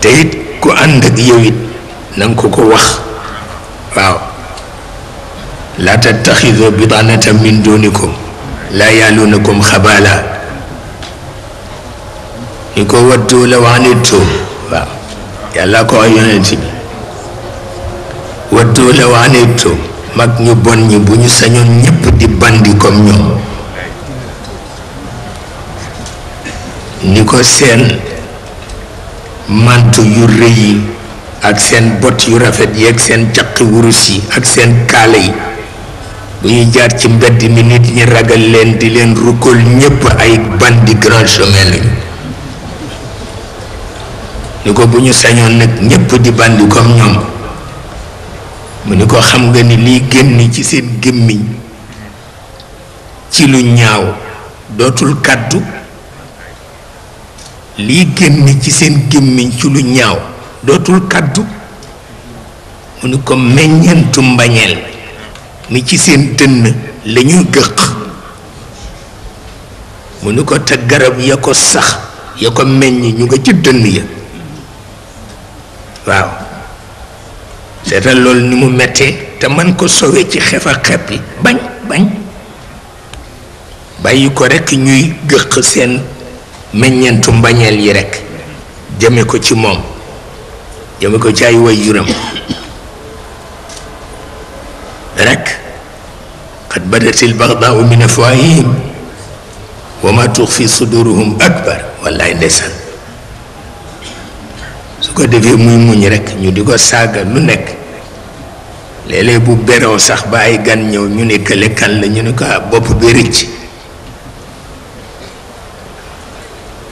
te ku ànd ak yow it ko ko wax waaw laa tattaxidu bidanatan min dunikum laa yaaluunakum xabaala ko wattu yàlla ko wax yonent bi wattu la wanittum mag ñu bon ñi bu ñu sañoon ñépp di bandi ñoom ni ko seen mantu yu rëy ak sen bot yu rafet yi ak seen caqi wurus ak sen kale yi bu ñu jaar ci mbedd mi nit ñi ragal leen di leen rukol ñepp ay bandi grand chemin lañu ni ko bu ñu sañoon di bandi comme ñom mu ni ko xam nga ni li genn ci seen gemmiñ ci lu ñaaw dotul kaddu lii génn ci seen gémmiñ ci lu ñaaw dootul kàddu mu ni ko meññeentu mbañeel mi ci seen dënn lañuy gëq mu ni ko te garab ya ko sax ya ko meññ ñu nga ci dënn ya waaw seetal loolu ni mu mettee te man ko sowee ci xef a xeppi bañ bañ bàyyi ko rekk ñuy gëq seen meññeentu mbañeel yi rekk jëme ko ci moom jëme ko ci ay waajuram rekk qad badatil bagdaau min afwaahihim wa ma tuxfi suduruhum akbar wallaay ndeysaan su ko defee muy muñ rekk ñu di ko saaga lu nekk léeg bu beroo sax ba ay gan ñëw ñu ne kële kan la ñu ne ko ab ah, bopp bi rëcc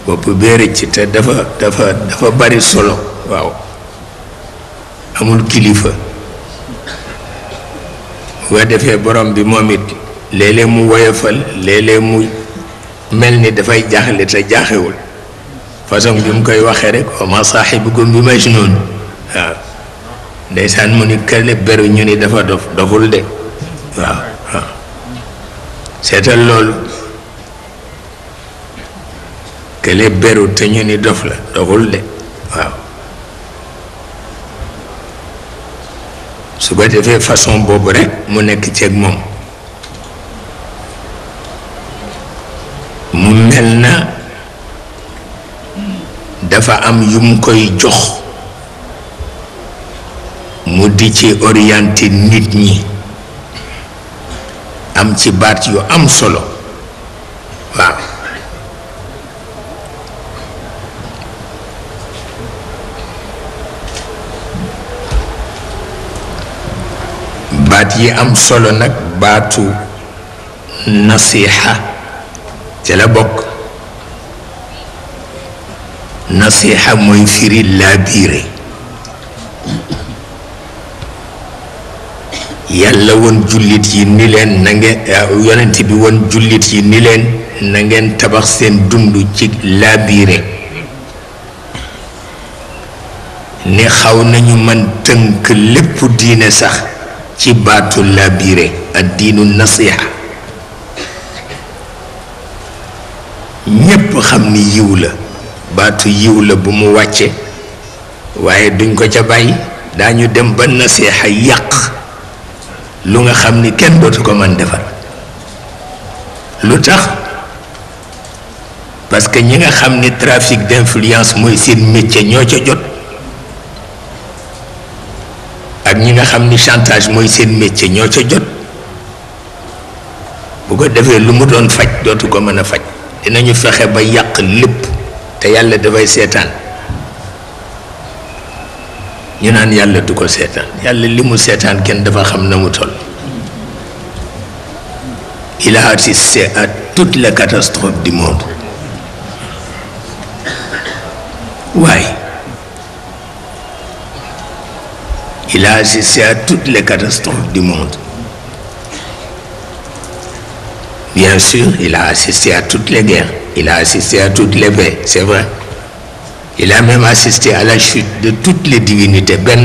bopp bee rëcc te dafa dafa dafa bari solo waaw amul kilifa bu defee borom bi moom it léeg-léeg mu woyofal léeg-léeg mu mel ni dafay jaaxle te jaaxewul façon bi mu koy waxee rek wa ma saaxibukum bi majnun waaw ndeysaan mu ni kële beru ñu ni dafa dof doful de waaw waaw seetal loolu kële beru te ñu ni dof la doxul de waaw su ko defee façon boobu rekk mu nekk ceeg moom mu mel na dafa am yu mu koy jox mu di ci orienté nit ñi am ci baat yu am solo waaw بعد يي ام سولو نك باتو نصيحه تي لا بوك نصيحه موي فيري لابيري يالا وون جوليت يي نيلن نانغي يونتي بي وون جوليت يي نيلن نانغن تابخ سين دوندو تي لابيري ني خاو نانيو مان تنك لب دينه صاح ci baatu labiré ak diinu nasiha ñépp xam ni yiw la baatu yiw la bu mu wàcce waaye duñ ko ca bàyyi daañu dem ba nasiha yàq lu nga xam ni kenn bootu ko mën defar lu tax parce que ñi nga xam ni trafic d'influence mooy seen métier ñoo ca jot nga xam ni chantage mooy seen métier ñoo ca jot bu ko defee lu mu doon faj dootu ko mën a faj dinañu fexe ba yàq lépp te yàlla dafay seetaan ñu naan yàlla du ko seetaan yàlla li mu seetaan kenn dafa xam na mu toll il a assisté à toute la catastrophe du monde waaye Il a assisté à toutes les catastrophes du monde. Bien sûr, il a assisté à toutes les guerres, il a assisté à toutes les paix, c'est vrai. Il a même assisté à la chute de toutes les divinités Ben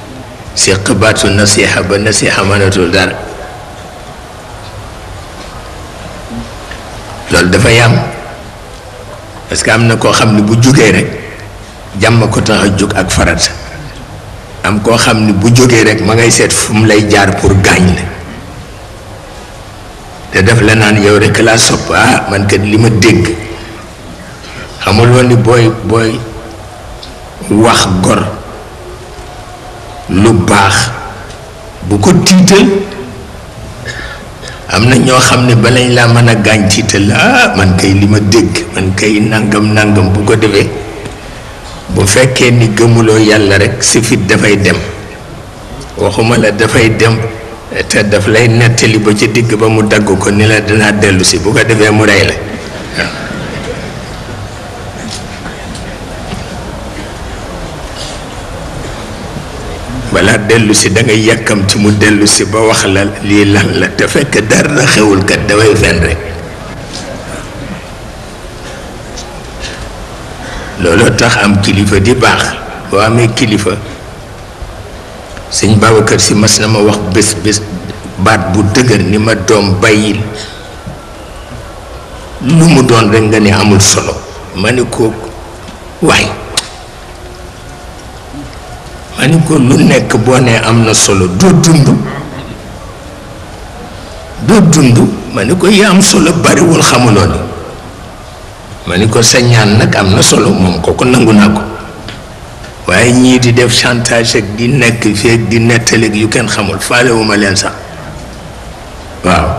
séq baatu nasiixa ba nasiixa mënatul dara loolu dafa yam parce que am na koo xam ne bu jógee rek jàmm ko tax a jóg ak farat am koo xam ni bu jógee rek ma ngay seet fu mu lay jaar pour gaañ la te def la naan yow rek laa sopp ah man kat li ma dégg xamul woon ni booy booy wax gor lu baax bu ko tiital am na ñoo xam ne balañ laa mën a gaañ tiital ah man kay li ma dégg man kay nangam nangam bu ko defee bu fekkee ni gëmuloo yàlla rek si fit dafay dem waxuma la dafay dem te daf lay nettali ba ca digg ba mu dagg ko ni la dinaa dellusi bu ko defee mu rey la balaa dellu si da nga yàkkam ci mu dellu si ba wax la lii lan la te fekk dara xewul kat damay fen rek looloo tax am kilifa di baax boo amee kilifa sëñ Babacar si mas na ma wax bés bés baat bu dëgër ni ma doom bàyyil lu mu doon rek nga ne amul solo ma ne ko waay ma ni ko lu nekk boo nee am na solo doo dund doo dund ma ni ko yi am solo bariwul xamuloo ni ma ni ko sa ñaan nag am na solo moom kooku nangu naa ko waaye ñii di def chantage ak di nekk fii ak di nettali ak yu kenn xamul faalewuma leen sax waaw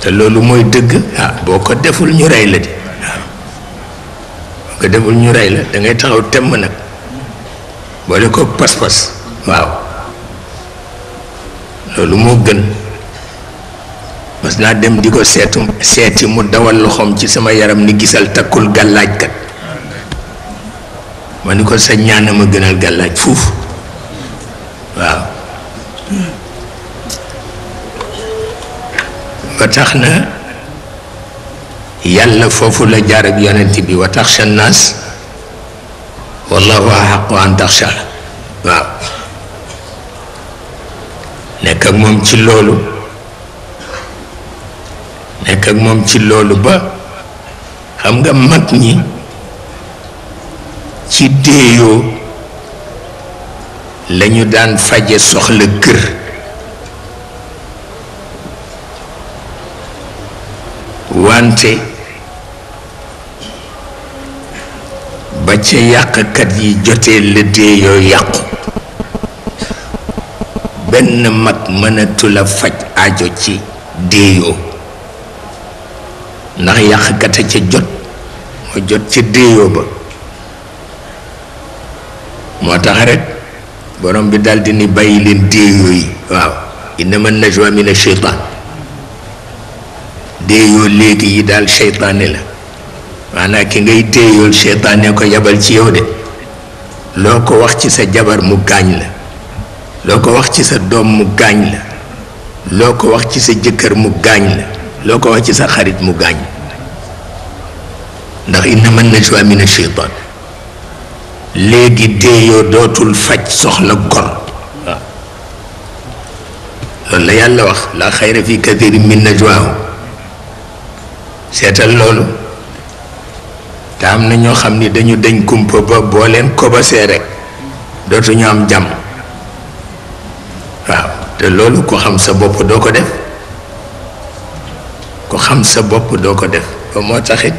te loolu mooy dëgg ah boo ko deful ñu rey la di waaw ah. boo ko deful ñu rey la da taxaw temm nag wale ko pas-pas waaw loolu moo gën mas naa dem di ko seetu seeti mu dawal loxoom ci sama yaram ni gisal takkul gàllaajkat ma ni ko sa ñaan ma gënal gàllaaj fuuf waaw ba tax na yàlla foofu la jaar ak yonent bi wa tax والله أحق أن تخشى نعم نكاك ممشي اللولو نكاك ممشي اللولو با همغا مكني تي ديو لنيو دان فاجي سخل كر وانتي ba ca yàqkat yi jotee la dee yoo yàqu benn mag mënatula faj aajo ci déeyoo ndax yàqkat a ca jot moo jot ca déeyoo ba moo tax rek borom bi daldi ni bàyyi leen déeyoo yi waaw innama najwa mina sheytaan déeyoo léegi yi daal sheytaane la maanaam ki ngay téye yoon seytaan ne ko yabal ci yow de loo ko wax ci sa jabar mu gaañ la loo ko wax ci sa doom mu gaañ la loo ko wax ci sa jëkkër mu gaañ la loo ko wax ci sa xarit mu gaañ ndax innama najwa min acheytaan léegi déeyoo dootul faj soxla gor waaw loolu la yàlla wax la xayra fi kathirin min najwaahum seetal loolu te am na ñoo xam ni dañu dañ kumpa ba boo leen kobasee rek dootuñu am jàmm waaw te loolu ko xam sa bopp doo ko def ko xam sa bopp doo ko def ba moo taxit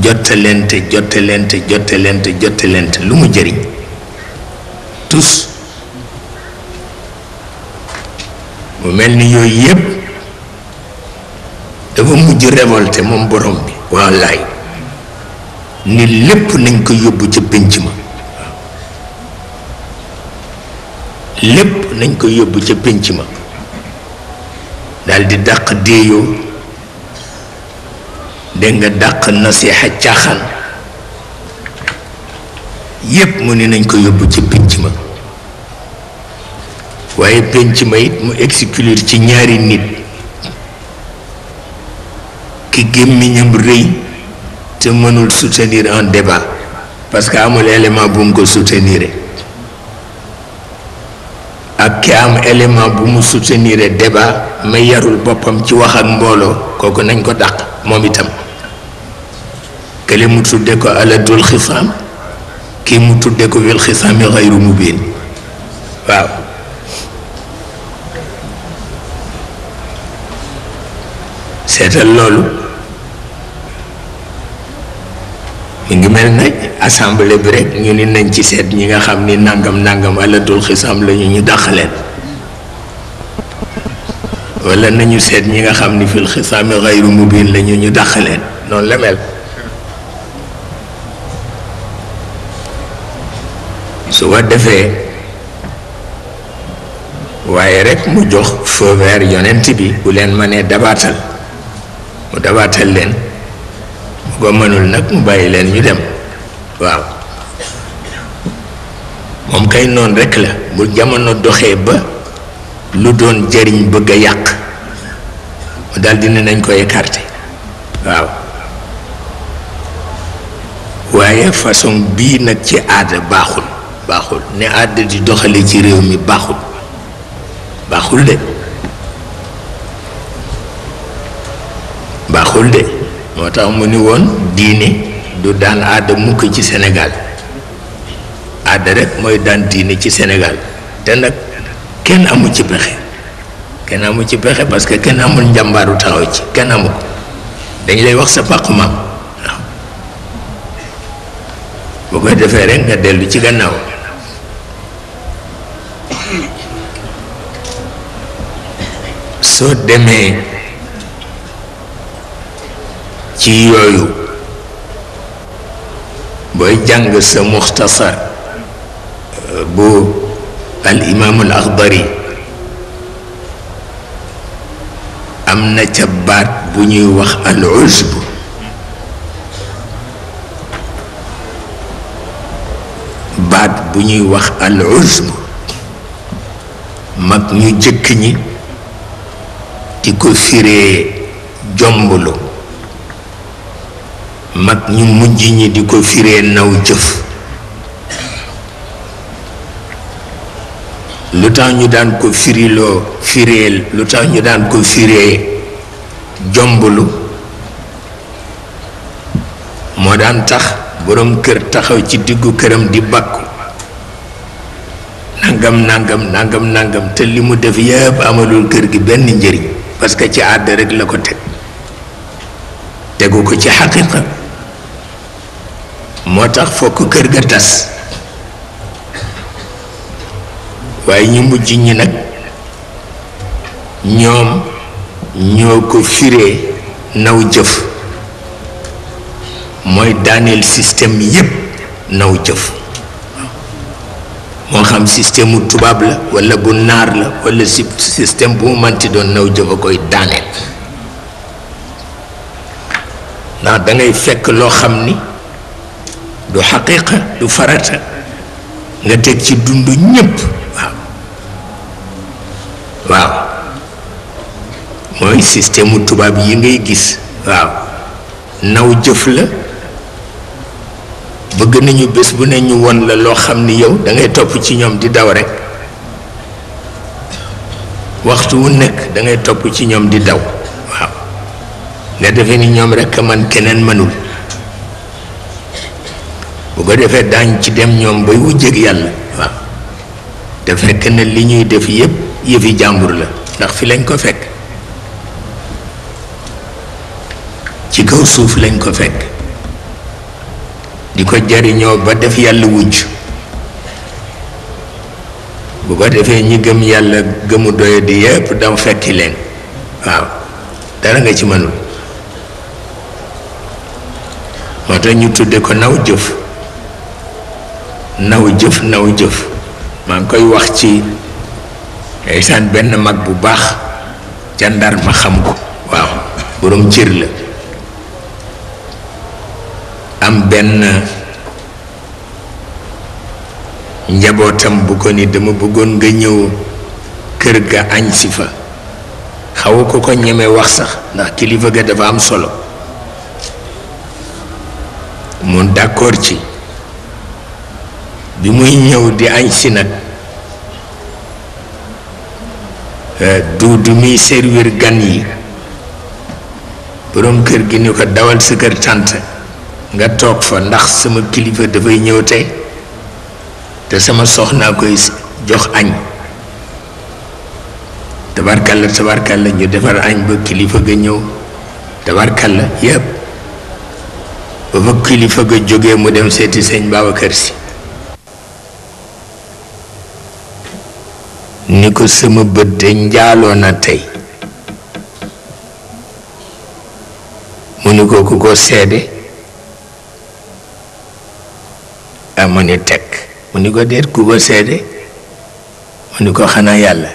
jottalente jottalente jottalente jottalente lu mu jëriñ tus mu mel ni yooyu yépp dafa mujj révolté moom borom bi wallaay ni lépp nañ ko yóbbu ca pénc ma lépp ko yóbbu ca pénc ma daal di dàq déeyoo dégg nga dàq nasiixa caaxaan yépp mu ne nañ ko yóbbu ca pénc ma waaye pénc ma it mu exclure ci ñaari nit ki gémmiñam rëy te mënul soutenir un débat parce que amul élément bu mu ko soutenir ak ki am élément bu mu soutenir débat may yarul bopam ci wax ak mbolo koku nañ ko dak mom itam kële mu tudde ko aladul khisam ki mu tudde ko wil khisam xayru mubin waaw seetal loolu mel na assemblée bi rek ñu ni nañ ci seet ñi nga xam ni nangam nangam alatul xisam la ñu ñu dàqaleen wala nañu seet ñi nga xam ni fil xisaami xayru mubin la ñu ñu dàqaleen noonu la mel su ko defee waaye rek mu jox feu vert yonent bi bu leen ma nee dabaatal mu dabaatal leen mu ko mënul nag mu bàyyi leen ñu dem waaw moom kay noonu rekk la bu jamono doxee ba lu doon jëriñ bëgg a yàq mu daal dina nañ ko écarté waaw waaye façon bii nag ci aada baaxul baaxul ne aada di doxale ci réew mi baaxul baaxul de baaxul de moo tax mu ni woon diine du daan aada mukk ci senegaal aada rek mooy daan diine ci Sénégal te nag kenn amul ci pexe kenn amul ci pexe parce que kenn amul njàmbaaru taxaw ci kenn amu ko dañ lay wax sa pàqu maam boo koy defee rek nga dellu ci gannaaw soo demee ci yooyu بوي جانغ مختصر بو الامام الاخضري امنا تبات بني وخ العزب بات بني وخ العزب مك ني جيك ني تيكو فيري جومبلو mag ñu mujj ñi di ko firee naw jëf lu tax ñu daan ko firiloo fireel lu tax ñu daan ko firee jomblu moo daan tax boroom kër taxaw ci diggu këram di bakku nangam nangam nangam nangam te li mu def yëpp amalul kër gi benn njëriñ parce que ci àdd rekk la ko teg tegu ko ci xaqiqa moo tax fokk kër ga tas waaye ñu mujj ñi nag ñoom ñoo ko firee naw jëf mooy daaneel système yépp naw jëf moo xam système mu tubaab la walla bu naar la walla si système bu mu manti doon naw jëf a koy daaneel ndax dangay fekk loo xam ni du xaqiqa du farata nga teg ci dund ñépp waaw waaw mooy système tubaab yi ngay gis waaw naw jëf la bëgg nañu bés bu ne ñu won la loo xam ni yow da topp ci ñoom di daw rek waxtu wu nekk da topp ci ñoom di daw waaw nga defee ni ñoom rek man keneen mënul bu ko defee daañ ci dem ñoom bay wujjeek yàlla waaw te fekk na li ñuy def yépp yëfi jàmbur la ndax fi lañ ko fekk ci kaw suuf lañ ko fekk di ko jariñoo ba def yàlla wujj bu ko defee ñi gëm yàlla gëmu doye di yépp dam fekki leen waaw dara nga ci mënul moo tax ñu tudde ko naw jëf naw jëf naw jëf maa ngi koy wax ci ndeysaan benn mag bu baax ca ndar ma xam ko waaw boroom cër la am benn njabootam bu ko ni dama bëggoon nga ñëw kër ga añ si fa xawu ko ko ñeme wax sax ndax kilifa ga dafa am solo mu d'accord ci bi muy ñëw di añ si nag duudu eh, muy servir gan yi boroom kër gi ni ko dawal sa kër tànt nga toog fa ndax sama kilifa dafay ñëw tey te sama soxnaa koy jox añ tabarkalla la ñu defar añ ba kilifa ga ñëw tabarkalla yëpp ba fa kilifa ga jóge mu dem seeti sëñ kër Si ni ko sama bët de njaaloo na tey mu ni ko ku ko seede ah, mu ni teg mu ni ko déet ku ko seede mu ni ko xanaa yàlla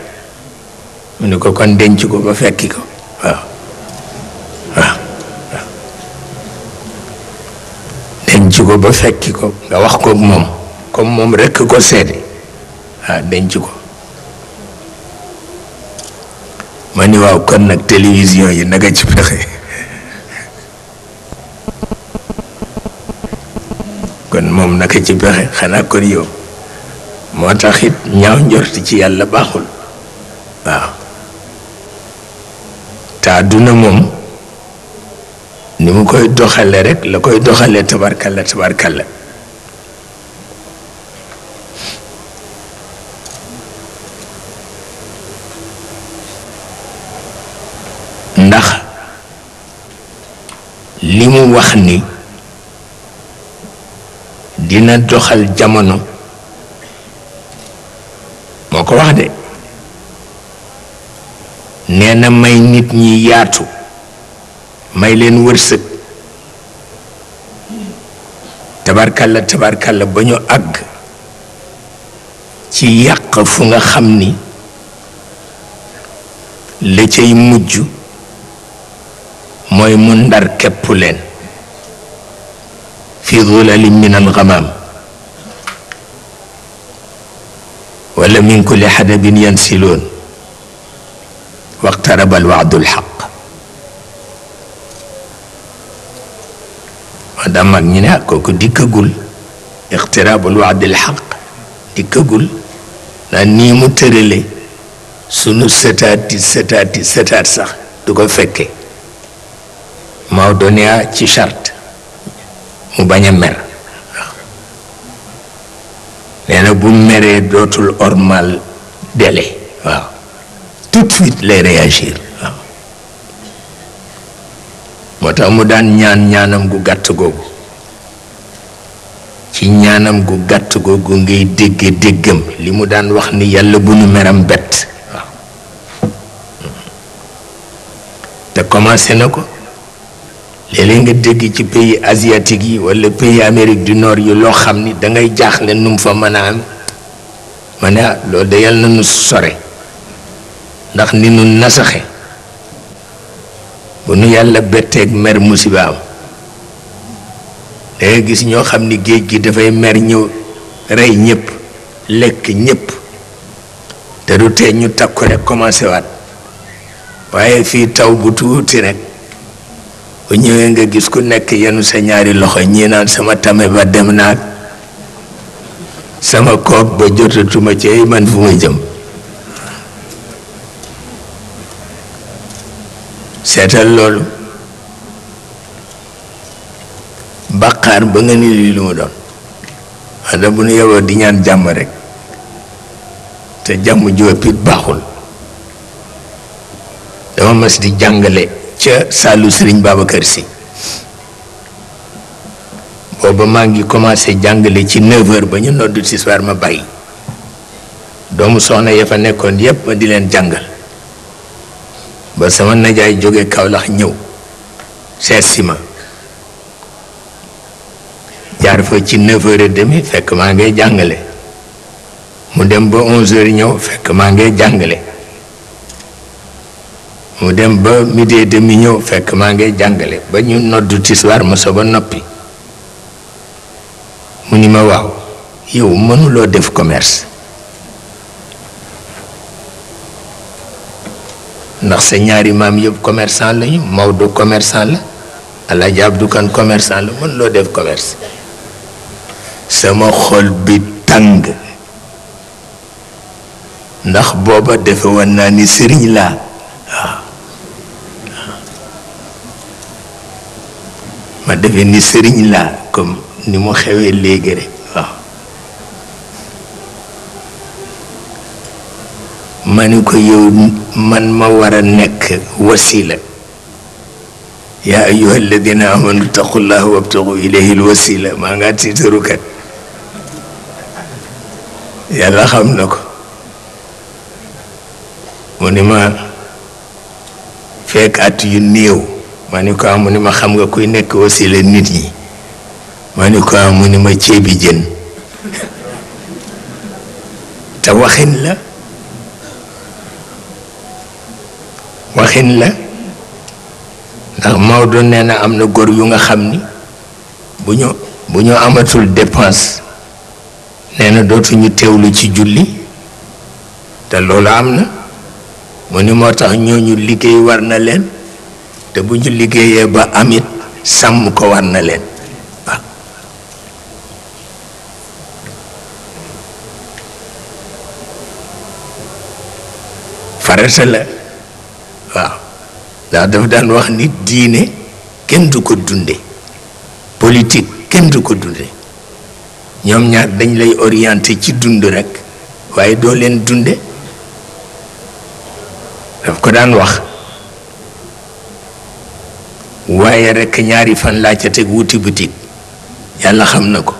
mu ni ko kon denc ko ba fekki ko waaw waaw denc ko ba fekki ko nga wax ko moom comme moom rekk ko seede waaw denc ko ma ni waaw kon nag télévision yi naka ci pexe kon moom nag a ci pexe xanaa kon yow moo taxit ñaaw njorti ci yàlla baaxul waaw te àdduna moom ni mu koy doxale rek la koy doxale tabarkalla la ndax li mu wax ni dina doxal jamono moo ko wax de nee na may nit ñi yaatu may leen wërsëg tabarkalla tabarkalla ba ñu àgg ci yàq fu nga xam ni la cay mujj mooy mu ndar képp leen fi dulali min alxamaam wala min kulli xadabin yansiloon waqtaraba alwaadu alxaq moo tax mag ñi ne ak kooku dikkagul iqtiraab alwaad alxaq dikkagul ndax nii mu tërale sunu sëtaat di sëtaat di sëtaat sax du ko fekke Maodo ci chart mu bañ a mer nee na bu meree dootul ormal délai waaw tout de lay réagir waaw moo tax mu daan ñaan ñaanam gu gàtt googu ci ñaanam gu gàtt googu ngay dégge déggam li mu daan wax ni yàlla bu nu meram bett waaw hmm. te commencé na ko léeg-léeg nga dégg ci pays asiatique yi wala pays Amérique du Nord yi loo xam ni dangay ngay jaaxle nu mu fa mën a am ma ne ah, loolu de yàlla na nu sore ndax ni nu nasaxe bu nu yàlla betteeg mer musiba am gis ñoo xam ni géej gi dafay mer ñëw rey ñëpp lekk ñépp te du tee ñu takku rek commencé waat waaye fii taw bu tuuti rek. bu ñëwee nga gis ku nekk yenu sa ñaari loxo ñii naan sama tame ba dem naag sama kook ba jotatuma ci man fu ma jëm seetal loolu bàqaar ba nga ni lii lu mu doon bu nu yeboo di ñaan jàmm rek te jàmm jóob it baaxul dama mas di jàngale ca saalu sëriñ Babacar si booba maa ngi commencé jàngale ci 9 ba ñu noddu ci soir ma bàyyi doomu soxna ya fa nekkoon yépp ma di leen jàngal ba sama najaay jóge kawlax ñëw seet si ma jaar fa ci 9h demi fekk maa ngay jàngale mu dem ba 11h ñëw fekk maa ngay jàngale mu dem ba midi dee demi ñëw fekk maa ngay jàngale ba ñu noddu tisbaar ma so ba noppi mu ni ma waaw yow mënuloo def commerce ndax sa ñaari maam yëpp commerçant lañu Maodo commerçant la Alaaji Abdu Kan commerçant la mënuloo def commerce sama xol bi tàng ndax booba defe woon naa ni sëriñ laa waaw ma defe ni sëriñ laa comme ni mu xewee léegi rek waaw ma ni ko yow man ma war a nekk wasila yaa ayuha alladina amanu taqullaha wabtagu ilayhi alwasila maa ngaa tiitarukat yàlla xam na ko mu ni ma fekk at yu néew ma ni ko ah, mu ni ma xam nga kuy nekk wasila nit ñi ma ni ko ah, mu ni ma ceebi jën te waxin la waxin la ndax Maodo nee na am na góor yu nga xam ni bu ñu bu ñu amatul dépense nee na dootuñu teewlu ci julli te loolu am na mu ni moo tax ñooñu liggéey war na leen te bu ñu liggéeyee ba amit sàmm ko war na leen waaw farata la waaw ndax dafa daan wax ni diine kenn du ko dunde politique kenn du ko dunde ñoom ñaar dañ lay orienté ci dund rekk waaye doo leen dunde daf ko daan wax waaye rekk ñaari fan laa ca teg wuti bitig yàlla xam na ko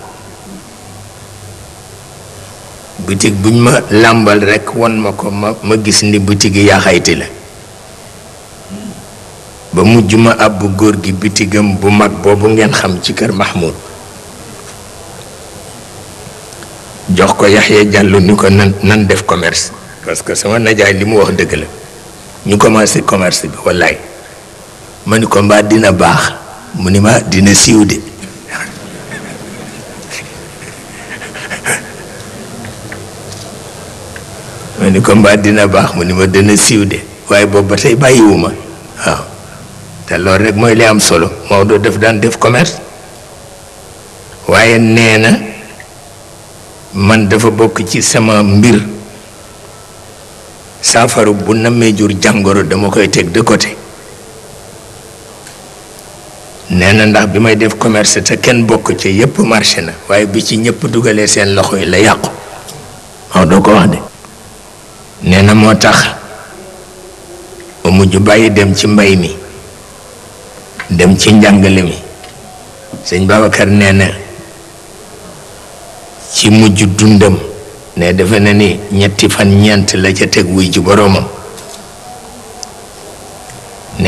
bitig buñ ma làmbal rekk won ma ko ma ma gis ni bitig yi yaxayti la ba mujj ma àbb góor gi bitigam bu mag boobu ngeen xam ci kër Mahmoud jox ko Yaxya Jàllu ni ko nan nan def commerce parce que sama najaay li mu wax dëgg la ñu commencé commerce bi wallaay ma ni ko mbaa dina baax mu ni ma dina siiw de ma baax mu ni ma dina siiw waaye boobu ba tey bàyyiwuma waaw te loolu rek mooy lay am solo Maodo def daan def commerce waaye nee na man dafa bokk ci sama mbir saafaru bu nammee jur jàngoro dama koy teg de nee na ndax bi may def commerce te kenn bokk ca yépp marché na waaye bi ci ñëpp dugalee seen loxo yi la yàqu waaw doo ko wax de nee na moo tax ba mujj bàyyi dem ci mbay mi dem ci njàngale mi sëñ Babacar nee na ci mujj dundam ne defe na ni ñetti fan ñeent la ca teg wuy ji boroomam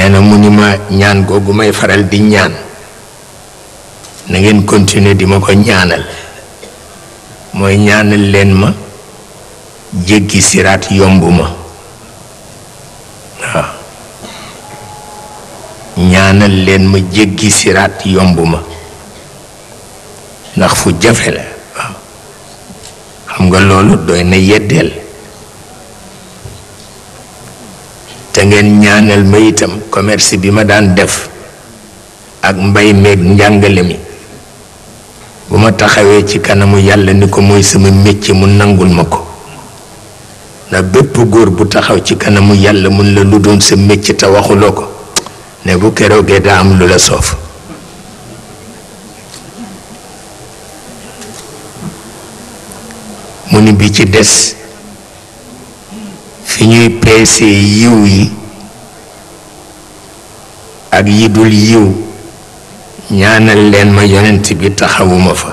nee na mu ni ma ñaan googu may faral di ñaan na ngeen continuer di ma ko ñaanal mooy ñaanal leen ma jéggi siraat yomb ma leen ma jéggi siraat yomb ma ndax fu jafe la xam nga loolu doy na yeddeel dangeen ngeen ñaanal ma itam commerce bi ma daan def ak mbay meeg njàngale mi bu ma taxawee ci kanamu yàlla ni ko mooy sama métier mu nangul ma ko ndax bépp góor bu taxaw ci kanamu yàlla mun la lu doon sa métier te waxuloo ko ne bu keroogee daa am lu la soof mu ni bi ci des fi ñuy peesee yiw yi ak yi dul yiw ñaanal leen ma yonent bi taxawuma fa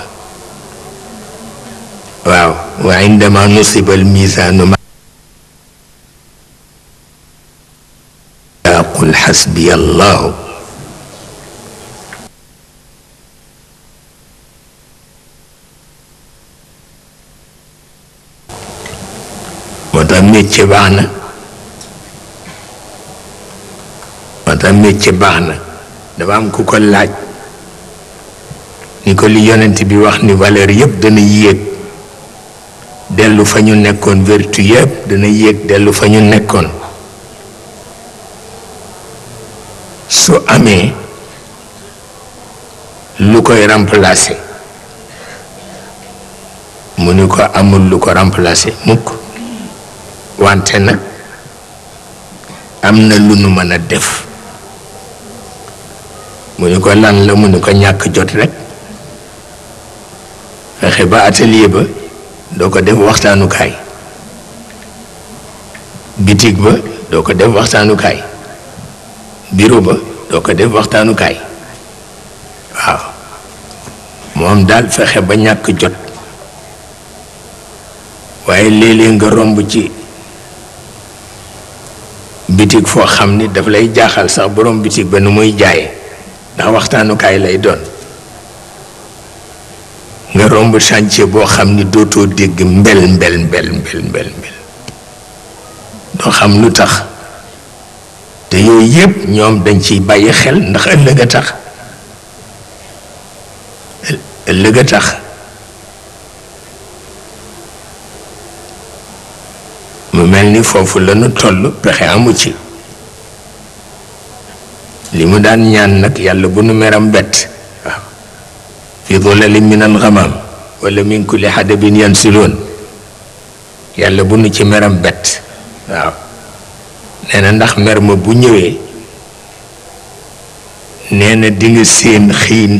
waaw wa indama nusibal misaanu ma qul xasbiya allahu métier baax na moo tax baax na dafa am ku ko laaj ni ko li yonent bi wax ni valeur yëpp dana yéeg dellu fa ñu nekkoon vertu yëpp dana yéeg dellu fa ñu nekkoon su amee lu koy remplacer mu ni ko amul lu ko remplacer mukk wante nag am na lu nu mën a def mu ñu ko lan la mu ñu ko ñàkk jot rek fexe ba atelier ba doo ko def waxtaanukaay bitig ba doo ko def waxtaanukaay bureau ba doo ko def waxtaanukaay waaw moom daal fexe ba ñàkk jot waaye léeg nga romb ci bitig foo xam ni daf lay jaaxal sax borom bitig ba nu muy jaay ndax waxtaanukaay lay doon nga romb chantier boo xam ni dootoo dégg mbel mbel mbel mbel doo xam lu tax te yooyu yëpp ñoom dañ ciy bàyyi xel ndax ëllëg a tax ëllëg a tax melni fofu foofu lanu tollu pexe amu ci limu mu daan ñaan nak yàlla bu nu meram bet fi dulalin min al ghamam wala min kulli hadabin yansilun yàlla bu nu ci meram bet waaw neena ndax mer ma bu ñëwé neena di nga seen xiin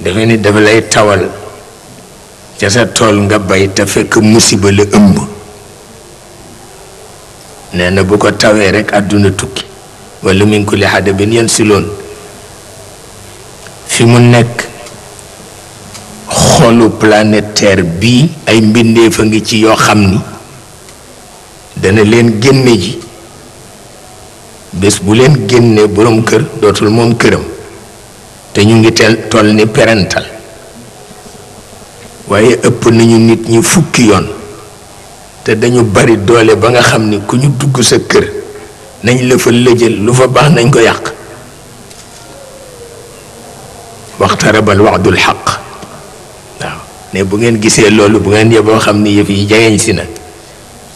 da dafa ni dafa lay tawal ca sa tool nga bay ta fekk musiba la ëmb nee na bu ko tawee rekk àdduna tukki wala min kulli hadabin yansiloon fi mu nekk xoolu planète Terre bii ay mbindeef a ngi ci yoo xam ni dana leen génne ji bés bu leen génnee boroom kër dootul moom këram te ñu ngi tel toll ni perental waaye ëpp nañu nit ñi fukki yoon te dañu bari doole ba nga xam ni ku ñu dugg sa kër nañ la fa lëjël lu fa baax nañ ko yàq waxtarabal waxdul xaq waaw ne bu ngeen gisee loolu bu ngeen yeboo xam ni yëf yi jageñ si na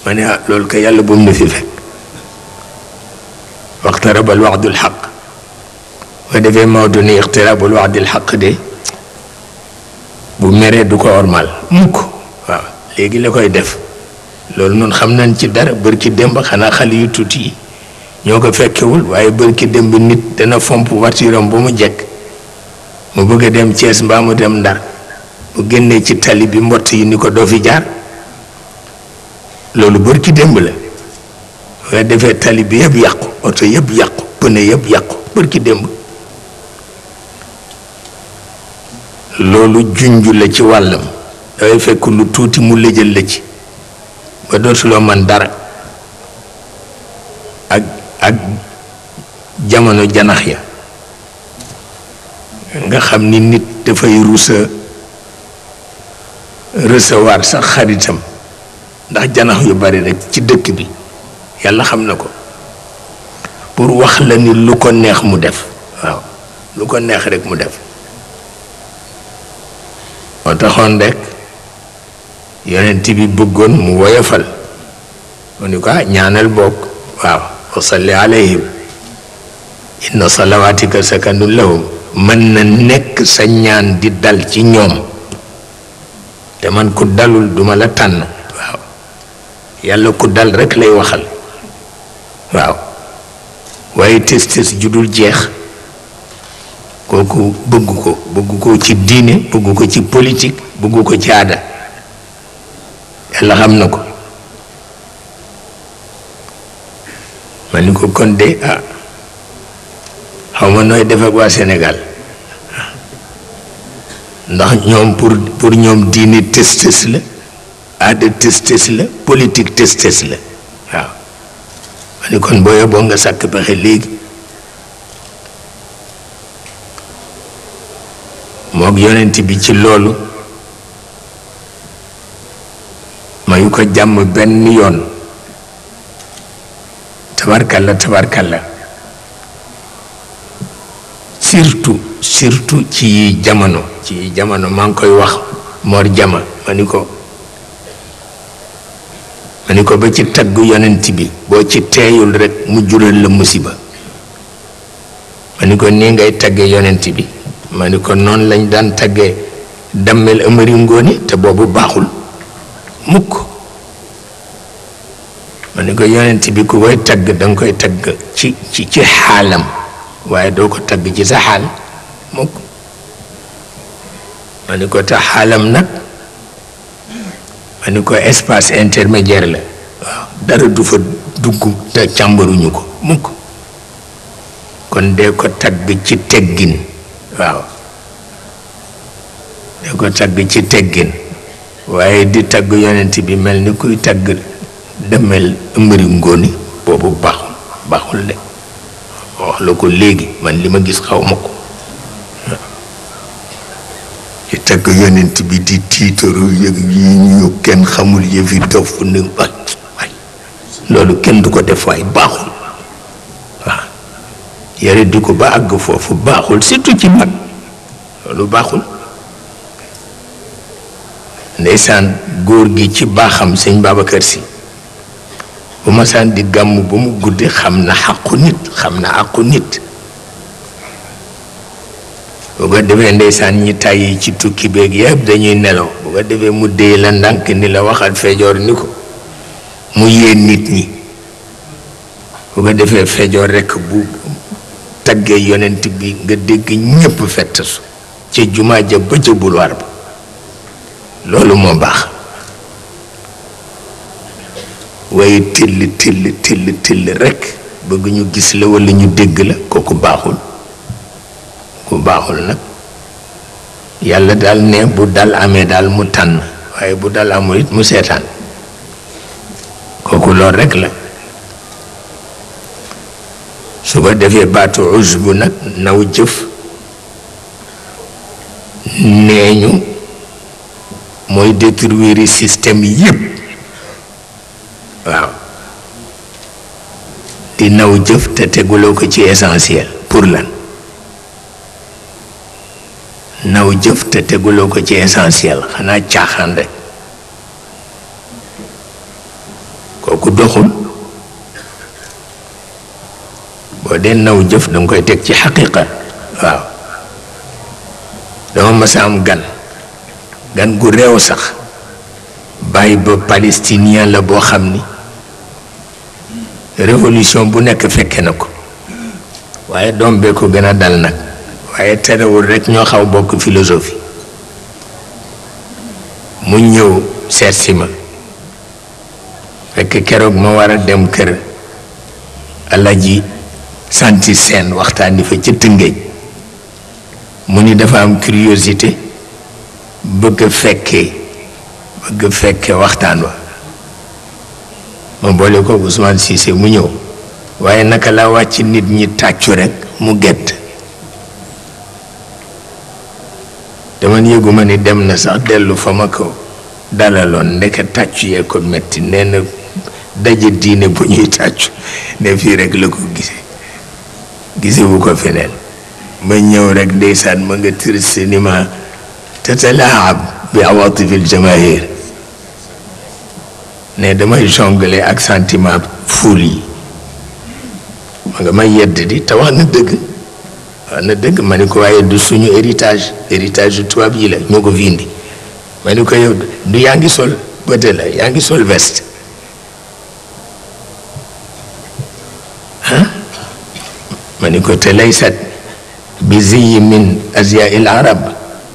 ma ne loolu ko yàlla bu mu ne fi fekk waxtarabal waxdul xaq boo defee Maodo ni ixtirabul waxdil xaq de bu meree du ko ormal mukk waaw léegi la koy def loolu noonu xam nañ ci dara bër bërki démb xanaa xale yu tuuti yi ñoo ko fekkewul waaye bërki démb nit dana fomp watiram ba mu jekk mu bëgg a dem cees mbaamu dem Ndar mu génnee ci tali bi mbott yi ni ko doo fi jaar loolu bër démb la nga defee tali bi yëpp yàqu oto yëpp yàqu yëpp yàqu bërki démb loolu junj la ci wàllam dafay fekk lu tuuti mu lëjal la ci ba dootuloo man dara ak ak jamono janax ya nga xam ni nit dafay rusa recevoir sax xaritam ndax janax yu bari rek ci dëkk bi yàlla xam na ko pour wax la ni lu ko neex mu def waaw lu ko neex rek mu def moo taxoon rek yonent bi bëggoon mu woyofal mu ni ko ah, ñaanal bokk waaw wa salli alayhim inna salawatika sakanun lahum mën na nekk sa ñaan di dal ci ñoom te man ku dalul duma la tànn waaw yàlla ku dal rekk lay waxal waaw waaye tës tës ju dul jeex kooku bëgg ko bëgg ko ci diine bëgg ko ci politique bëgg ko ci aada la xam na ko ma ni ko kon de ah xaw ma nooy def ak waa Sénégal ndax ñoom pour pour ñoom diini testes la aada testes la politique testes la waaw ma ni kon booyee boo nga sàkk pexe léegi moog yonent bi ci loolu mayu ko jàmm benn yoon la tabarkalla tabarkalla surtout surtout ci jamono ci jamono maa ngi koy wax moor jama ma ni ko ma ni ko ba ci tagg yonent bi boo ci teeyul rekk mu jural la musiba ma ko nii ngay taggee yonent bi ma ko noonu lañ daan taggee dammel ëmëri ngóone te boobu baaxul mukk ma ni ko yonent bi ku koy tagg danga koy tagg ci ci xaalam waaye doo ko tagg ci sa xaal mukk ma ni ko te xaalam nag ma ni ko espace intermédiaire la waaw dara du fa dugg te càmbaruñu ko mukk kon dee ko tagg ci teggin waaw dee ko tagg ci teggin waaye di tagg yonent bi mel ni kuy tagg demel mbiri ngóoni boobu baaxul baaxul de wax la ko léegi man li ma gis xaw ma ko di tagg yonent bi di tiitaru yëg yi ñu kenn xamul yëfi dof ni waay loolu kenn du ko def waay baaxul waaw yare di ko ba àgg foofu baaxul surtout ci mag loolu baaxul ndeysaan góor gi ci baaxam sëñ kër Si bu masaan di gàmm ba mu guddi xam na akku nit xam na àqu nit bu ko defee ndeysaan ñi tàyyi ci tukki beeg yëpp dañuy nelaw bu ko defee mu déy la ndànk ni la waxal fejoor ni ko mu yéen nit ñi bu ko defee fejoor rekk bu taggee yonent bi nga dégg ñépp fettasu ci jumaa ja ba ca ba loolu moo baax waaye till till till till rekk bëgguñu gis la walla ñu dégg la kooku baaxul ku baaxul nag yàlla daal ne bu dal amee daal mu tànn waaye bu dal amul it mu seetaan kooku lool rekk la su ko defee baatu us bu nag naw jëf nee ñu mooy détruire système yépp waaw di naw jëf te teguloo ko ci essentiel pour lan naw jëf te teguloo ko ci essentiel xanaa caaxaan kooku doxul boo dee naw jëf danga koy teg ci xaqiqa waaw dama mas a gan gan gu réew sax bàyyi ba palestinien la boo xam ni révolution bu nekk fekk na ko waaye doom bee ko gën a dal nag waaye terewul rekk ñoo xaw bokk philosophie mu ñëw seet si ma fekk keroog ma war a dem kër Alaji santi seen waxtaan di fa ca Tëngéej mu ni dafa am curiosité bëgg a fekkee bëgg a fekkee waxtaan wa ma boole ko Ousmane Cissé mu ñëw waaye naka la wàcc nit ñi tàccu rek mu gett dama yëguma ni dem na sax dellu fa ma ko dalaloon ndeke tàccu yee ko metti nee na daje diine bu ñuy tàccu ne fii rek la ko gisee gise bu ko feneen ma ñëw rek ndeysaan ma nga triste ni تتلاعب بعواطف الجماهير ني داماي جونغلي اك سنتيمان فولي ماغا ما يد دي تا وانا دغ انا آه، دغ ماني كو واي دو سونو هيريتاج هيريتاج تو ابي لا نوكو فيندي ماني كو يو دو يانغي سول بدل يانغي سول فيست ها ماني كو تلايسات بزي من ازياء العرب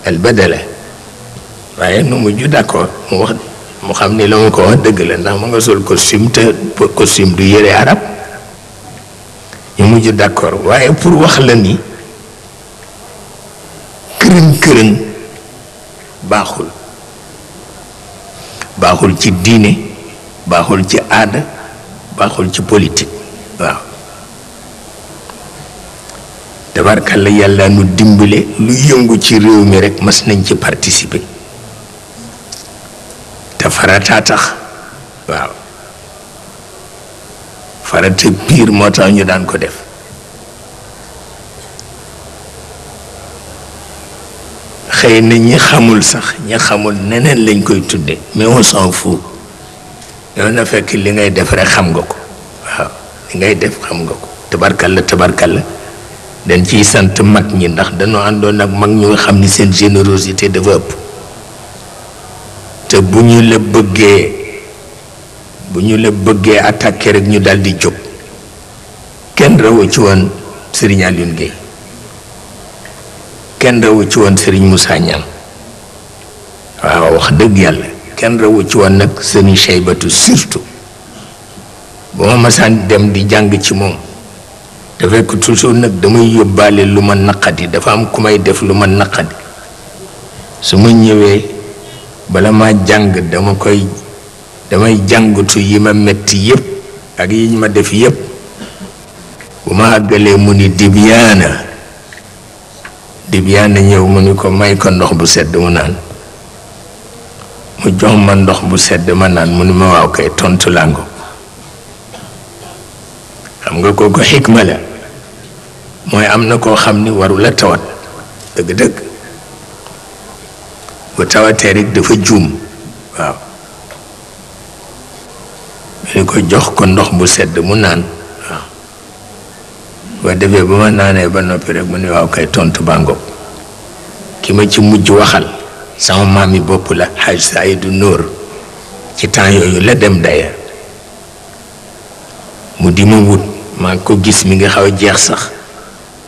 albadala waaye nu mujj d' accord mu wax mu xam ni la mu ko wax dëgg la ndax ma nga sol costume te costume du yére arab ñu mujj d' accord waaye pour wax la ni kërën kërën baaxul baaxul ci diine baaxul ci aada baaxul ci politique waaw tabarkalla yàlla nu dimbale lu yëngu ci réew mi rekk mas nañ ci participer te farata tax waaw farata piir moo tax ñu daan ko def xëy na ñi xamul sax ñi xamul neneen lañ koy tuddee mais on s'en fout na fekk li ngay def xam nga ko waaw li ngay def xam nga ko tabarkalla tabarkalla dañ ciy sant mag ñi ndax dañoo àndoon ak mag ñu xam ni seen générosité dafa ëpp te bu ñu la bëggee bu ñu la bëggee attaqué rek ñu dal di jóg kenn rawu ci woon Serigne Alioune Gueye kenn rawu ci woon sëriñ Moussa Niang waaw wax dëgg yàlla kenn rawu ci woon nag seeni Cheybatu surtout bu ma masaan dem di jàng ci moom. dafay ko toujours nag damay yóbbaale lu ma naqadi dafa am ku may def lu ma naqadi su ma ñëwee bala ma jàng dama koy damay jàngatu yi ma metti yépp ak yiñ ma def yépp bu ma àggalee mu ni dibyaana dibyaana ñëw mu ni ko may ko ndox bu sedd mu naan mu jox ma ndox bu sedd ma naan mu ni ma waaw kay tontu làngo xam nga ko xikma la mooy am na koo xam ni warula tawat dëgg-dëgg bu tawatee rek dafa juum waaw ko jox ko ndox bu sedd mu naan ba defee ba ma naanee ba noppi rek mu ne waaw kay tontu bàngo ki ma ci mujj waxal sama maam yi bopp la xaj Saydu Nóor ci temps yooyu la dem daya mu di ma wut maa ngi ko gis mi nga xaw a jeex sax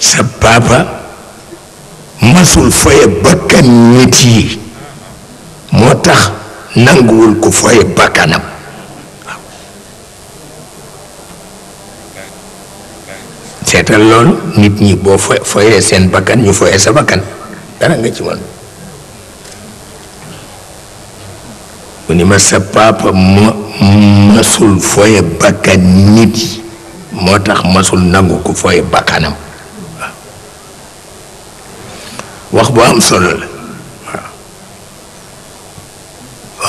sa papa masul foye bakkan nit yi moo tax nanguwul ko foye bakkanam seetal lool nit ñi boo foyee seen bakkan ñu foyee sa bakkan dara nga ci man mu ni ma sa papa ma masul foye bakkan nit yi moo tax masul nangu ko foye bakkanam wax bu am solo la waaw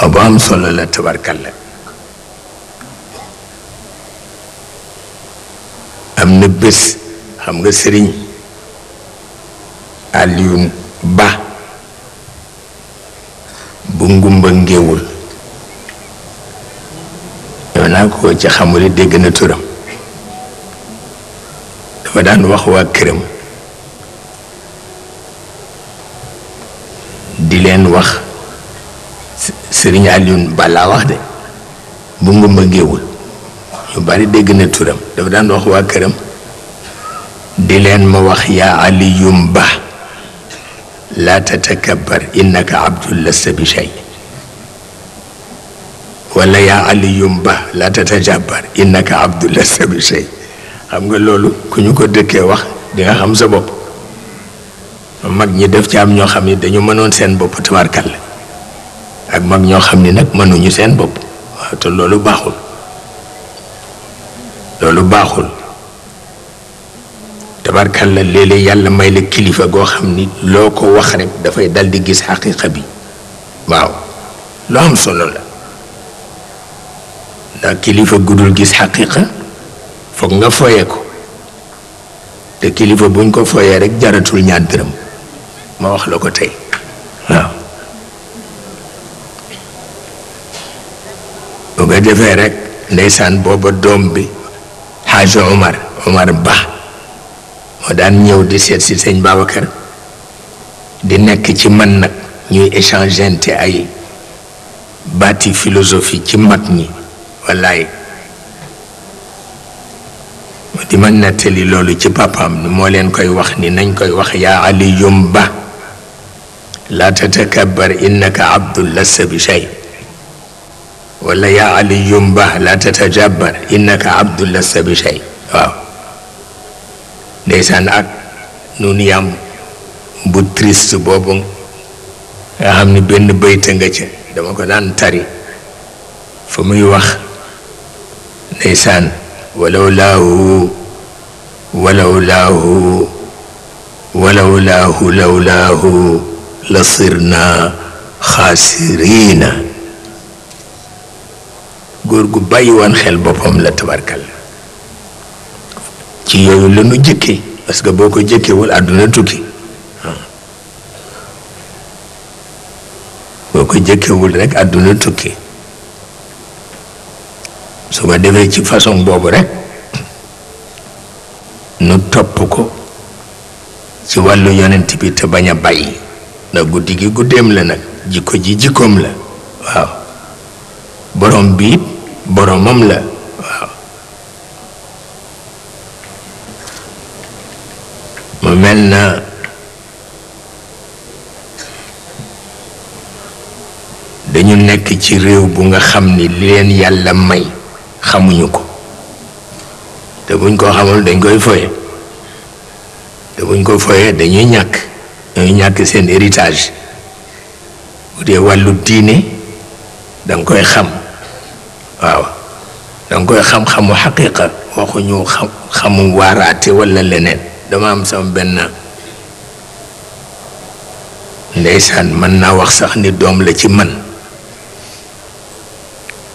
wax bu am solo la tabarkalla am na bés xam nga sëriñ Alioune Ba bu ngumba ngéwul yow naa ko ci xamule dégg na turam dafa daan wax waa këram dilen leen wax sëriñ Alioune Ba wax de bu ngumba géewul ñu bari dégg na turam dafa daan wax waa këram di leen ma wax yaa aliyum ba laa tatakabbar innaka abdul lasta bi shay wala yaa aliyum ba laa tatajabbar innaka abdul lasta shay xam nga loolu ku ko dëkkee wax di nga xam sa bopp mag ñi def ci am ño xamni dañu mënon seen bop tabarkal ak mag ño xamni nak mënu ñu seen bop waaw te lolu baxul lolu baxul tabarkal la lele yàlla may le kilifa go xamni loko wax rek da fay daldi gis haqiqa bi waaw lo am solo la ndax kilifa gudul gis haqiqa fokk nga foyeko te kilifa buñ ko foyé rek jaratul ñaan dërëm ma wax la ko tey waaw bu ko defee rek ndeysaan booba doom bi xaaj Omar Omar Ba moo daan ñëw di seet si sëñ Babacar di nekk ci man nag ñuy échangeante ay baati philosophie ci mag ñi wallaay di ma nettali loolu ci papaam moo leen koy wax ni nañ koy wax yaa aliyum ba laa tatakabbar innaka abdun lasta bi shay wala yaa aliyu mbah laa tatajabbar innaka abdun lasta bi shay waaw ndeysaan ak nun yam bu triste boobu nga xam ni benn bayta nga ca dama ko daan tari fa muy wax ndeysaan wala laahu walaw laahu walaw laahu law laahu la sirna xaasiriina góor gu bàyyi woon xel boppam la tabarkal ci yooyu la nu jëkkee parce que boo ko jëkkewul àdduna tukki boo ko jëkkewul rek àdduna tukki su ma defee ci façon boobu rek nu topp ko ci wàllu yonent bi te bañ a bàyyi ndax guddi gi guddeem la nag jikko ji jikkoom la waaw borom bi boromam la waaw mu mel na dañu nekk ci réew bu nga xam ni li leen yàlla may xamuñu ko te buñ koo xamul dañ koy foye te buñ ko foyee dañuy ñàkk dañu ñàkk seen héritage bu dee wàllu diine danga koy xam waaw danga koy xam-xamu xaqiqa waxuñu xam xamu waaraate walla leneen dama am sama benn ndeysaan mën naa wax sax ni doom la ci man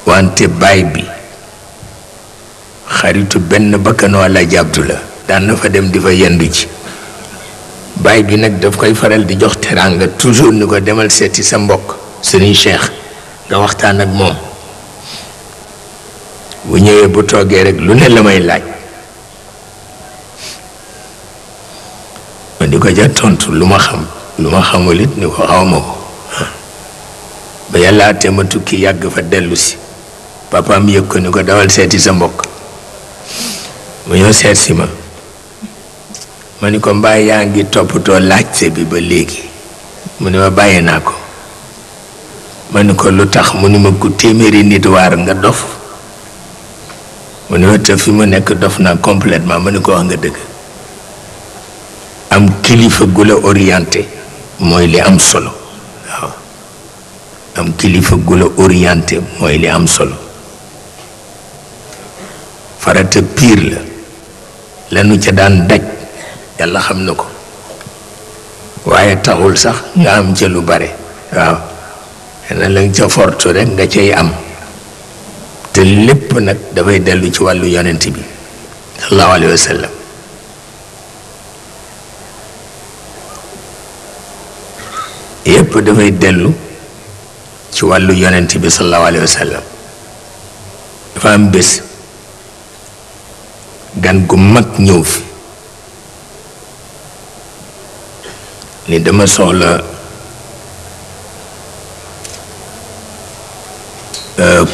wante baay bi xaritu benn bakkanu Alaaji Abdu la daan na fa dem di fa yendu ci baay bi nag daf koy faral di jox teraanga toujours ni ko demal seeti sa mbokk sëriñ Cheikh nga waxtaan ak moom bu ñëwee bu toogee rek lu ne la may laaj ma di ko ja tontu lu ma xam lu ma xamul it ni ko xaw ma ko ba yàlla te ma tukki yàgg fa dellusi si papaam yëg ko ni ko dawal seeti sa mbokk mu ñëw seet si ma man ni ko mbaa yaa ngi toppatoo laajte bi ba léegi mu ni ma bàyyi naa ko ma ni ko lu tax mu ni ma ku téeméeri nit waar nga dof mu ni ma te fi mu nekk dof naa complètement ma ni ko wax nga dëgg am kilifa gu la orienté mooy li am solo am kilifa gu la orienté li am solo farata piir la lanu ca daan daj yàlla xam ne ko waaye taxul sax ñu am ca lu bare waaw na la ca fortu rek nga cay am te lépp nag dafay dellu ci wàllu yonent bi sallallahu alayhi wa yépp dafay dellu ci wàllu yonent bi sallallahu alayhi wa sallam dafa am bés gan gu mag ñëw fi ni dama soxla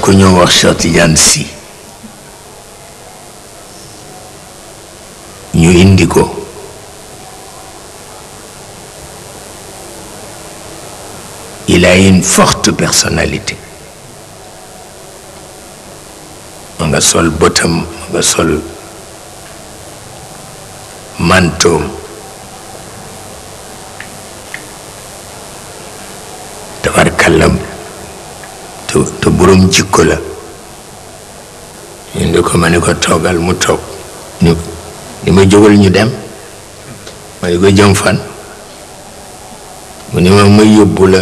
ku ñu wax Cheikh Tidiane ñu indi ko il a une forte personnalité On a sol bottom, on nga sol manteau. tabarkallam te te borom jikko la ñu ndi ko ma ni ko toogal mu toog ñu ni ma jógal ñu dem ma ni ko fan mu ni ma ma yóbbu la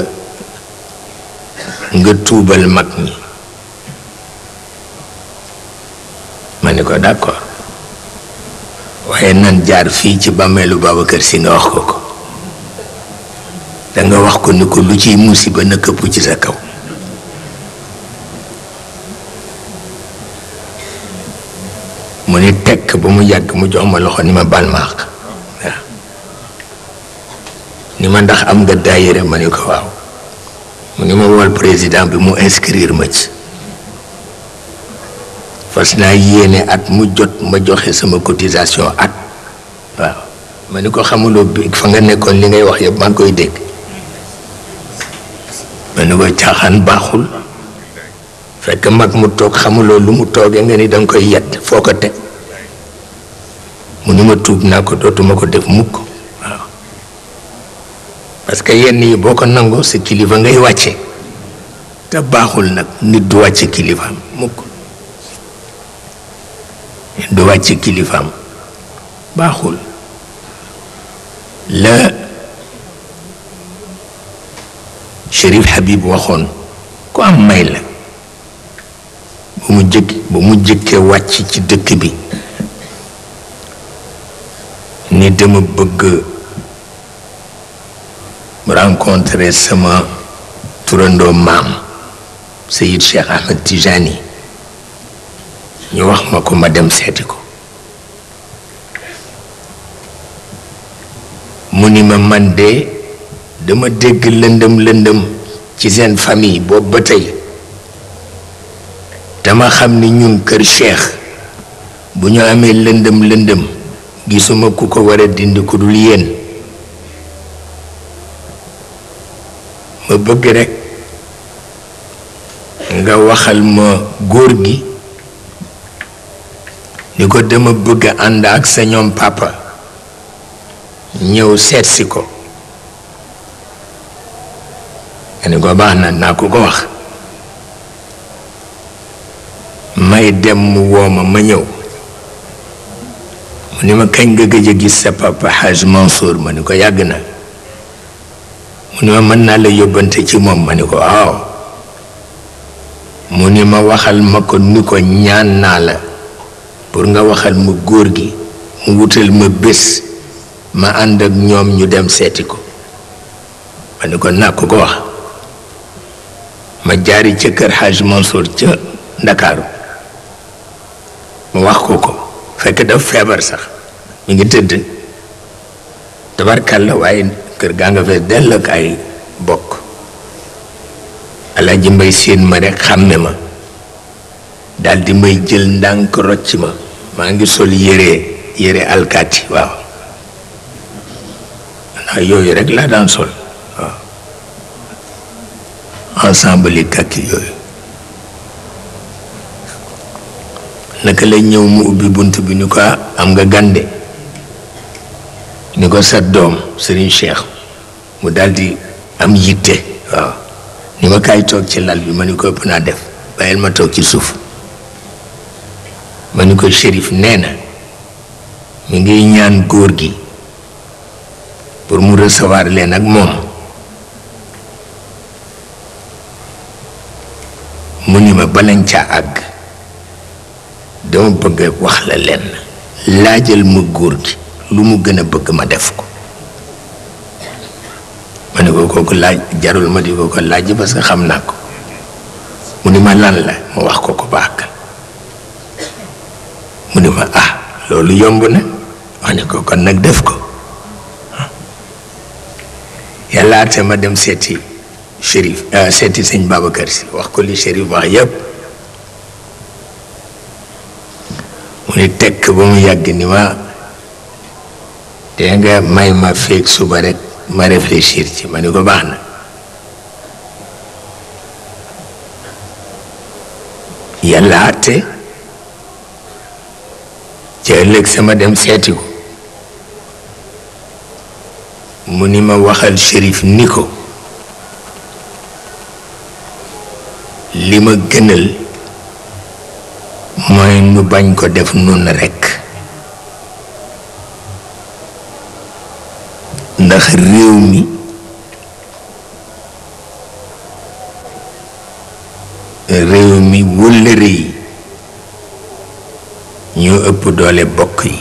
nga tuubal mag ñi ma ni ko d'accord waaye nan jaar fii ci bàmmeelu Babacar Si nga wax ko ko da nga wax ko ni ko lu ciy musiba na këpp ci sa kaw mu ni tekk ba mu yàgg mu jox ma loxo ni ma baal ma ni ma ndax am nga daayira ma ni ko waaw mu ni ma wol président bi mu inscrire ma ci fas naa yéene at mu jot ma joxe sama cotisation at waaw ma ni ko xamuloo bi fa nga nekkoon li ngay wax yëpp maa ngi koy dégg ma ni ko caaxaan baaxul fekk mag mu toog xamuloo lu mu toogee nga ni danga koy yett foo ko teg mu ni ma tuub naa ko dootuma ko def mukk waaw que yenn yi boo ko nangoo si kilifa ngay wàcce te baaxul nag nit du wàcce kilifaam mukk nit du kilifaam baaxul la Chérif Habib waxoon ku am may la ba mu jëkk ba mu jëkkee wàcc ci dëkk bi ni dama bëgg rencontrer sama turandoo maam Seyid Cheikh Ahmed Tijani ñu wax ma ko ma dem seeti ko mu ni ma man de dama dégg lëndëm lëndëm ci seen famille boobu ba tey dama xam ni ñu kër Cheikh bu ñu amee lëndëm lëndëm gisuma ku ko war a dindi ku dul yéen ma bëgg rekk nga waxal ma góor gi ni ko dama bëgg ànd ak sa ñoom papa ñëw seetsi ko ma ni ko baax na naa ko ko wax may dem mu wooma ma ñëw mu ni ma kañ nga gëj a gis sa papa Haj Mansour ma ni ko yàgg na mu ni ma mën naa la yóbbante ci moom ma ni ko waaw mu ni ma waxal ma ko ni ko ñaan naa la pour nga waxal ma góor gi mu wutal ma bés ma ànd ak ñoom ñu dem seeti ko ma ni ko naa ko ko wax ma jaari ca kër Haj Mansour Ndakaaru mu wax ko ko fekk def feebar sax mu ngi tëdd tabarkàlla waaye kër gaa nga dell ak ay bokk Alaaji Mbay séen ma rek xàmme ma daal di jël ndànk rocc ma maa ngi sol yére yére alkaati waaw xanaa yooyu rek laa daan sol ensemble kàkk yooyu naka la ñëw mu ubbi bunt bi ni ko ah, am nga gànde ni ko sa doom Serigne Cheikh mu daldi am yitte waaw ni ma kaay toog ci lal bi ma ni ko ëpp naa def bàyyil ma toog ci suuf ma ni ko shérif nee na mi ngi ñaan góor gi pour mu recevoir leen ak moom mu ni ma balañ ca àgg dama bëgg wax la lenn laajal ma góor gi lu mu gën a bëgg ma def ko ma ne ko kooku laaj jarul ma di ko ko laaj parce que xam naa ko mu ni ma lan la ma wax ko ko baax mu ni ma ah loolu yomb na ma ne ko ko nag def ko yàlla te ma dem seeti شريف آه سيدي سيدي بابا كرسي وقل لي شريف وغيب ونتك بوم يقني ما تيانجا ماي ما فيك سوبرك ما رفلشيرك ما نيكو بانا يلا عطي جايلك سما دم سيدي مني ما وخل شريف نيكو li ma gënal mooy nu bañ ko def nun rekk ndax réew mi réew mi wëllëre yi ñu ëpp doole bokk yi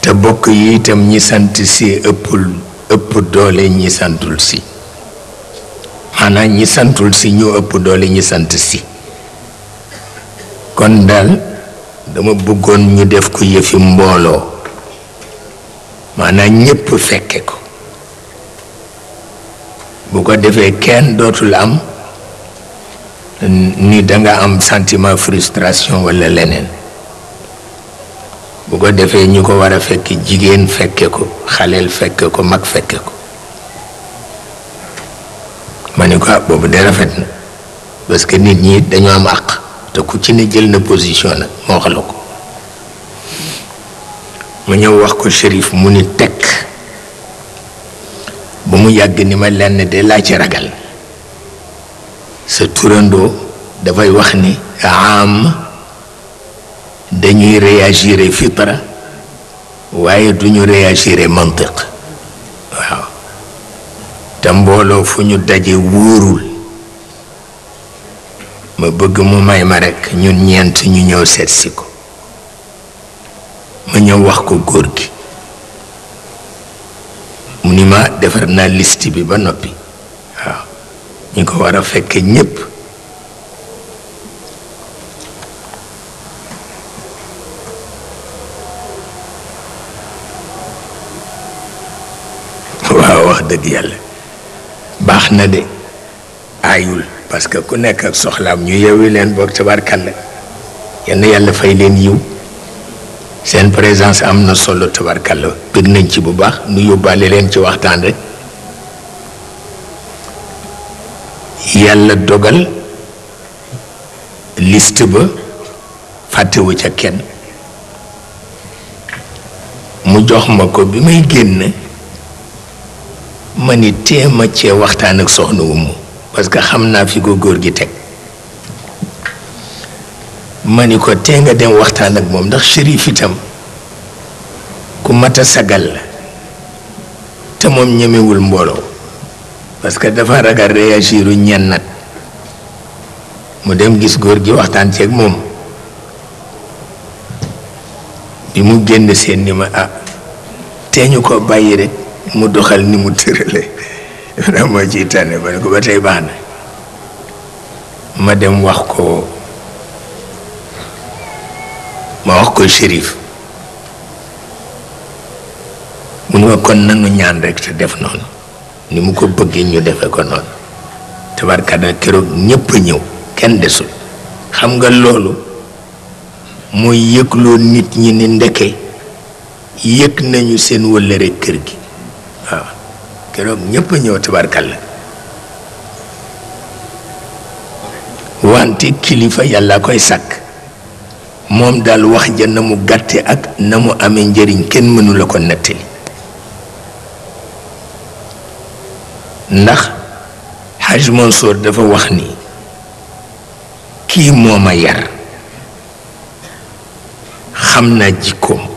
te bokk yi itam ñi sant si ëppul ëpp doole ñi santul si xanaa ñi santul si ñu ëpp doole ñi sant si kon daal dama bëggoon ñu def ko yëfi mbooloo maanaam ñépp fekke ko bu ko defee kenn dootul am ni danga am sentiment frustration walla leneen bu ko defee ñu ko war a fekk jigéen fekke ko xaleel fekke ko mag fekke ko ma ne ko ah boobu de rafet na parce que nit ñi dañoo am àq te ku ci ne jël na position nag moo xala ko ma ñëw wax ko shérif mu ni tekk ba mu yàgg ni ma lenn de laa ci ragal sa turandoo dafay wax ni am dañuy réagir fitra waaye duñu réagir mantiq ta mbolo fu ñu daje ma bëgg mu may ma rek ñun ñent ñu ñëw seet si ko ma ñëw wax ko gor gi munima défar na liste bi ba nopi ko wara ñëpp waaw wax baax na de aayul parce que ku nekk ak soxlaam ñu yewi leen boog tabarkalla yenn yàlla fay leen yiw seen présence am na solo tabarkalla bëgg nañ ci bu baax nu yóbbaale leen ci waxtaan rek yàlla dogal liste ba fàttewu ca kenn mu jox ma ko bi may génn ma ni téem a waxtaan ak soxna Umu parce que xam naa fi ko góor gi teg ma ni ko tee nga dem waxtaan ak moom ndax shérif itam ku mat a sagal la te moom ñemewul mbooloo parce que dafa ragal réagiru ñen nag mu dem gis góor gi waxtaan ceeg moom bi mu génn seen ni ma ah te ñu ko bàyyi rek mu doxal ni mu tërale moo ciy tànne ko ba baax na ma dem wax ko ma wax ko shérif mu ne ma kon nanu ñaan rek te def noonu ni mu ko bëggee ñu defe ko noonu tabarkada keroog ñépp ñëw kenn desul xam nga loolu mooy yëgloo nit ñi ni ndeke yëg nañu seen wëllëre kër gi waaw keroog ñëpp ñëw tubarkalla wante kilifa yàlla koy sàkk moom daal wax ja na mu gàtte ak na mu amee njëriñ kenn mënula ko nettali ndax Haj Mansour dafa wax ni kii moo ma yar xam naa jikkoom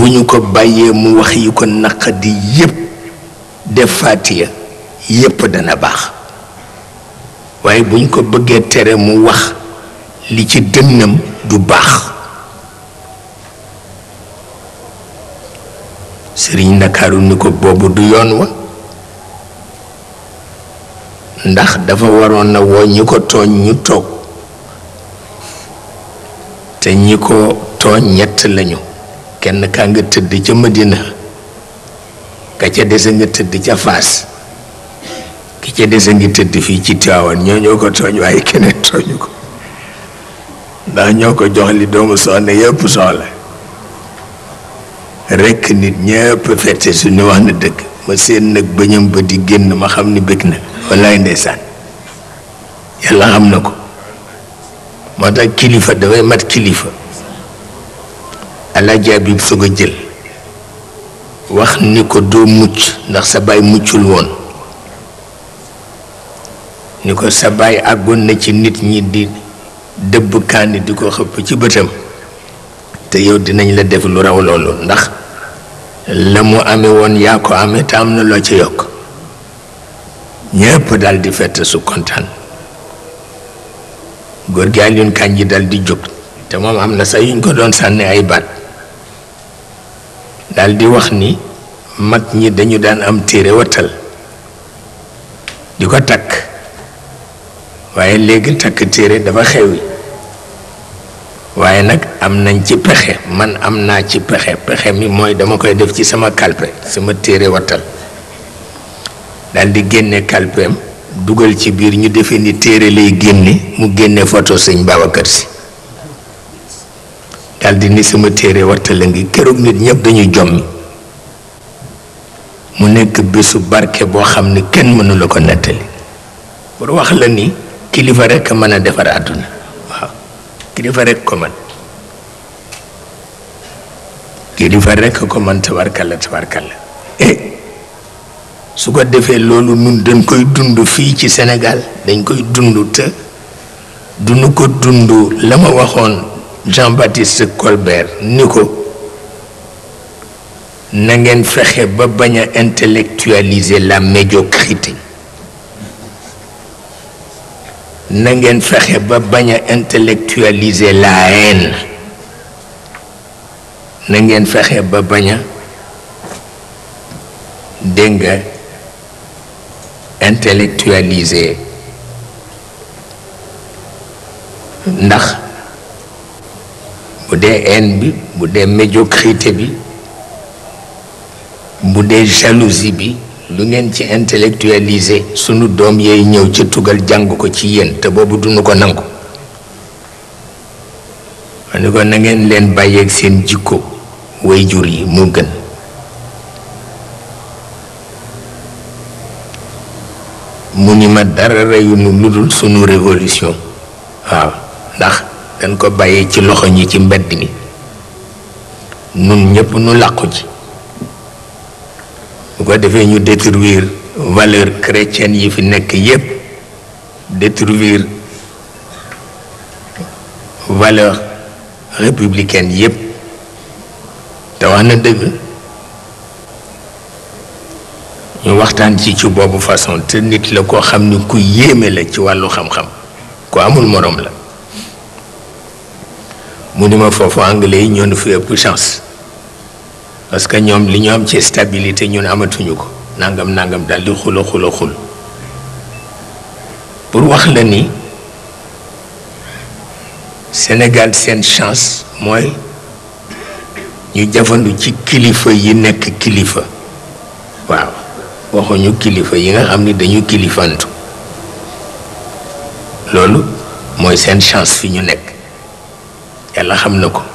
bu ñu ko bàyyee mu wax yu ko naqadi yépp def faatiya yépp dana baax waaye bu ñu ko bëggee tere mu wax li ci dënnam du baax sëriñ ndakaaru ni ko boobu du yoon wa ndax dafa waroon na woo ñi ko tooñ ñu toog te ñi ko tooñ ñett lañu kenn kaa nga tëdd ca Madina ka ca dese nga tëdd ca Faas ki ca dese ngi tëdd fii ci Tiwaawan ñoo ñoo ko tooñ waaye keneen tooñu ko ndax ñoo ko jox li doomu soxla rekk nit ñëpp fette suñu wax na dëgg ma seen nag bëñam ba di génn ma xam ni bëgg na wallaay ndeysaan yàlla xam na ko moo tax kilifa dafay mat kilifa alaaji Habib soog a jël wax ni ko doo mucc ndax sa baay muccul woon ni ko sa baay àggoon na ci nit ñi di dëbb kaani di ko xëpp ci bëtam te yow dinañ la def lu raw loolu ndax la mu amee woon yaa ko amee te am na loo ci yokk ñëpp daal di fett su kontaan góor gi Alioune Kandji daal di jóg te moom am na yuñ ko doon sànni ay baat daldi wax ni mag ñi dañu daan am téere wattal di ko takk waaye léegi takk téere dafa xewi waaye nag am nañ ci pexe man am naa ci pexe pexe mi mooy dama koy def ci sama kalpe sama téere wattal daldi génne kalpeem dugal ci biir ñu defee ni téere lay génne mu génne photo sëñ Babacar Si daal ni sama téere wartale ngi këroog nit ñëpp dañuy jommi mu nekk bésu barke boo xam ne kenn mënula ko nettali pour wax la ni kilifa rekk mën a defar àdduna waaw kilifa rekk ko man kilifa rekk ko man tabarkalla eh, su ko defee loolu nun dañ koy dund fii ci senegal dañ koy dund te duñu ko dund la ma waxoon Jean-Baptiste Colbert Nous... Nous na intellectualiser la médiocrité Nous avons intellectualisé intellectualiser la haine Nous avons intellectualisé. intellectualiser bu dee haine bi bu dee médiocrité bi bu dee jalousie bi lu ngeen ci intellectualiser sunu doom yooyu ñëw ci tugal jàng ko ci yéen te boobu duñu ko nangu ma ni ko na ngeen leen bàyyeek seen jikko way jur yi mu gën mu ni ma dara reyu nu ludul sunu révolution waaw ndax dañ ko bàyyi ci loxo ñi ci mbedd mi nun ñépp nu làqu ci bu ko defee ñu détruire valeur chrétienne yi fi nekk yépp détruire valeur républicaine yépp te wax na dëgg ñu waxtaan ci ci boobu façon te nit la koo xam ni ku yéeme la ci wàllu xam-xam ku amul moroom la mu ni ma foofu anglais ñoo ñu fi ëpp chance parce que ñom li ñu am ci stabilité ñun amatuñu ko nangam nangam dal di xula xula xul pour wax la ni Sénégal sen chance moy ñu jafandu ci kilifa yi nek kilifa waaw ñu kilifa yi nga xamni dañu kilifantu lolu moy sen chance fi ñu nek yàlla xam na ko